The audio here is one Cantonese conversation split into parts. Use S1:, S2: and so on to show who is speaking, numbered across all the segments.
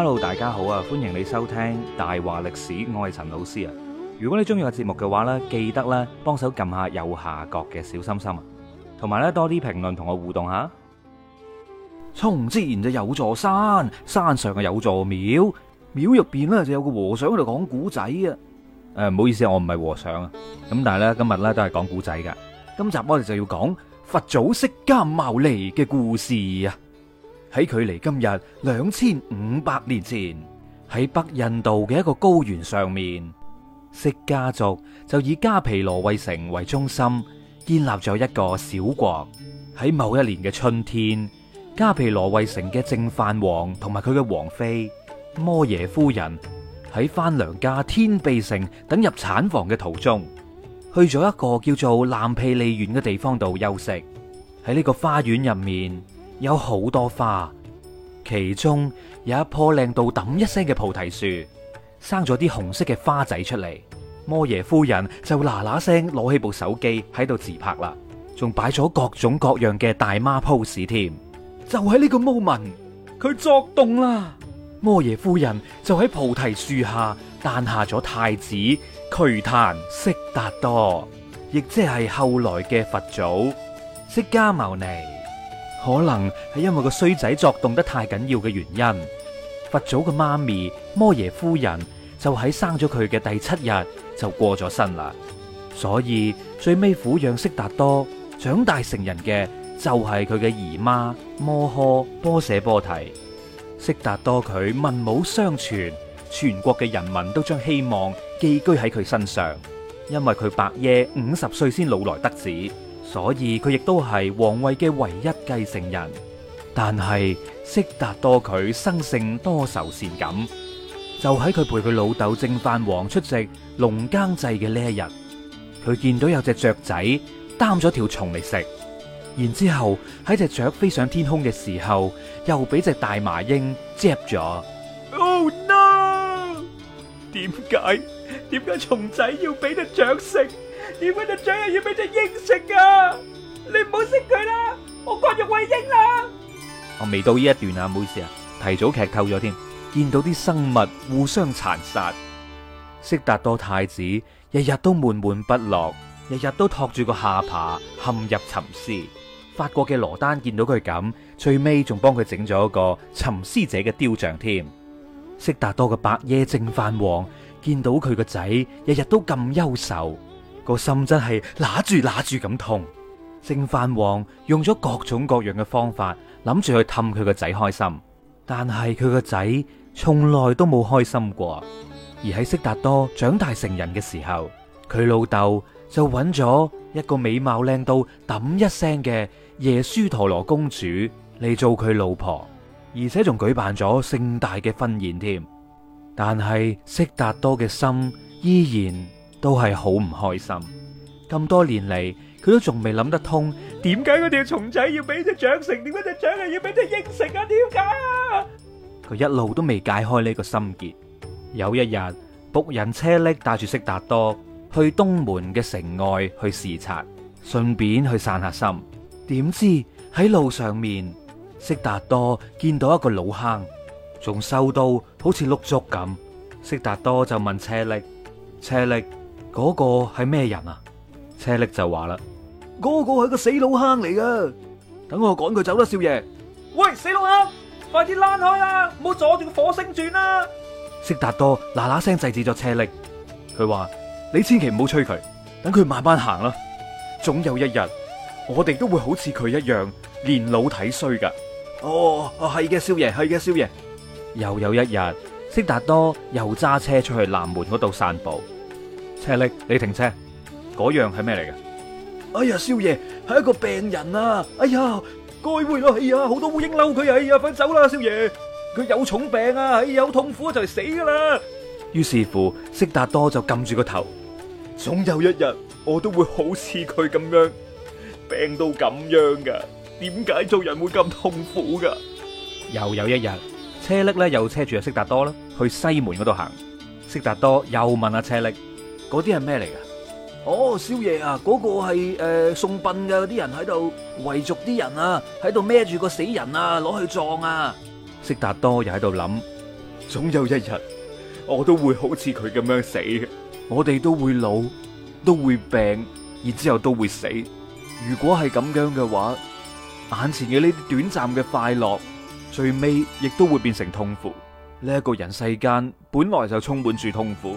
S1: hello，大家好啊，歡迎你收聽大話歷史，我係陳老師啊。如果你中意個節目嘅話呢，記得呢幫手撳下右下角嘅小心心啊，同埋呢多啲評論同我互動下。從自然就有座山，山上嘅有座廟，廟入邊呢就有個和尚喺度講古仔啊。誒、呃，唔好意思，我唔係和尚啊。咁但係呢，今日呢都係講古仔噶。今集我哋就要講佛祖釋迦牟尼嘅故事啊。喺距離今日兩千五百年前，喺北印度嘅一個高原上面，釋迦族就以加皮羅衛城為中心建立咗一個小國。喺某一年嘅春天，加皮羅衛城嘅淨飯王同埋佢嘅王妃摩耶夫人喺翻娘家天臂城等入產房嘅途中，去咗一個叫做藍毗利園嘅地方度休息。喺呢個花園入面。有好多花，其中有一棵靚到揼一聲嘅菩提樹，生咗啲紅色嘅花仔出嚟。摩耶夫人就嗱嗱聲攞起部手機喺度自拍啦，仲擺咗各種各樣嘅大媽 pose 添。就喺呢個 moment，佢作動啦。摩耶夫人就喺菩提樹下誕下咗太子瞿曇悉達多，亦即係後來嘅佛祖釋迦牟尼。可能係因為個衰仔作動得太緊要嘅原因，佛祖嘅媽咪摩耶夫人就喺生咗佢嘅第七日就過咗身啦。所以最尾撫養悉達多長大成人嘅就係佢嘅姨媽摩訶波舍波提。悉達多佢文武雙全，全國嘅人民都將希望寄居喺佢身上，因為佢白夜五十歲先老來得子。所以佢亦都係皇位嘅唯一繼承人，但係悉達多佢生性多愁善感，就喺佢陪佢老豆淨飯王出席農耕祭嘅呢一日，佢見到有隻雀仔擔咗條蟲嚟食，然之後喺隻雀飛上天空嘅時候，又俾隻大麻鷹捉咗。Oh no！點解點解蟲仔要俾隻雀食？點解隻仔又要俾隻鷹食啊！你唔好食佢啦，我割肉餵鷹啦。我未到呢一段啊，唔好意思啊，提早劇透咗添。見到啲生物互相殘殺，悉達多太子日日都悶悶不樂，日日都托住個下巴陷入沉思。法國嘅羅丹見到佢咁，最尾仲幫佢整咗一個沉思者嘅雕像添。悉達多嘅白耶正飯王見到佢個仔日日都咁憂愁。個心真係攋住攋住咁痛。淨飯王用咗各種各樣嘅方法諗住去氹佢個仔開心，但係佢個仔從來都冇開心過。而喺悉達多長大成人嘅時候，佢老豆就搵咗一個美貌靚到揼一聲嘅耶輸陀羅公主嚟做佢老婆，而且仲舉辦咗盛大嘅婚宴添。但係悉達多嘅心依然，都係好唔開心，咁多年嚟，佢都仲未諗得通，點解嗰條蟲仔要俾隻雀食？點解隻雀係要俾隻鷹食啊？點解啊？佢一路都未解開呢個心結。有一日，僕人車力帶住悉達多去東門嘅城外去視察，順便去散下心。點知喺路上面，悉達多見到一個老坑，仲瘦到好似碌竹咁。悉達多就問車力：車力。嗰個係咩人啊？車力就話啦，嗰個係個死老坑嚟噶，等我趕佢走啦、啊，少爺。喂，死老坑，快啲攋開啦、啊，唔好阻住個火星轉啦、啊。悉達多嗱嗱聲制止咗車力，佢話：你千祈唔好催佢，等佢慢慢行啦、啊。總有一日，我哋都會好似佢一樣，年老體衰噶。哦，係嘅，少爺，係嘅，少爺。又有一日，悉達多又揸車出去南門嗰度散步。車笠，你停車，嗰樣係咩嚟嘅？哎呀，少爺，係一個病人啊！哎呀，該會咯，哎呀，好多烏蠅嬲佢！哎呀，快走啦，少爺，佢有重病啊，哎，有痛苦就嚟死啦。於是乎，色達多就撳住個頭，總有一日我都會好似佢咁樣病到咁樣噶。點解做人會咁痛苦噶？又有一日，車笠咧又車住阿色達多啦，去西門嗰度行。色達多又問阿、啊、車笠。嗰啲係咩嚟噶？哦，少爺啊！嗰、那個係誒、呃、送殯嘅嗰啲人喺度，遺族啲人啊，喺度孭住個死人啊，攞去葬啊！色達多又喺度諗，總有一日我都會好似佢咁樣死嘅。我哋都會老，都會病，然之後都會死。如果係咁樣嘅話，眼前嘅呢啲短暫嘅快樂，最尾亦都會變成痛苦。呢、這、一個人世間本來就充滿住痛苦。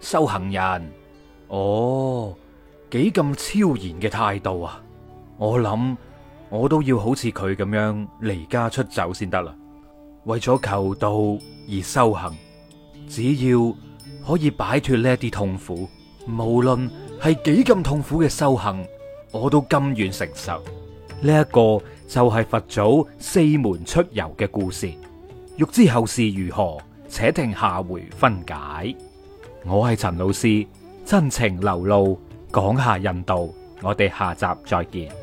S1: 修行人，哦，幾咁超然嘅態度啊！我諗我都要好似佢咁樣離家出走先得啦。為咗求道而修行，只要可以擺脫呢啲痛苦，無論係幾咁痛苦嘅修行，我都甘願承受。呢一個就係佛祖四門出遊嘅故事。欲知後事如何，且聽下回分解。我係陳老師，真情流露，講下印度，我哋下集再見。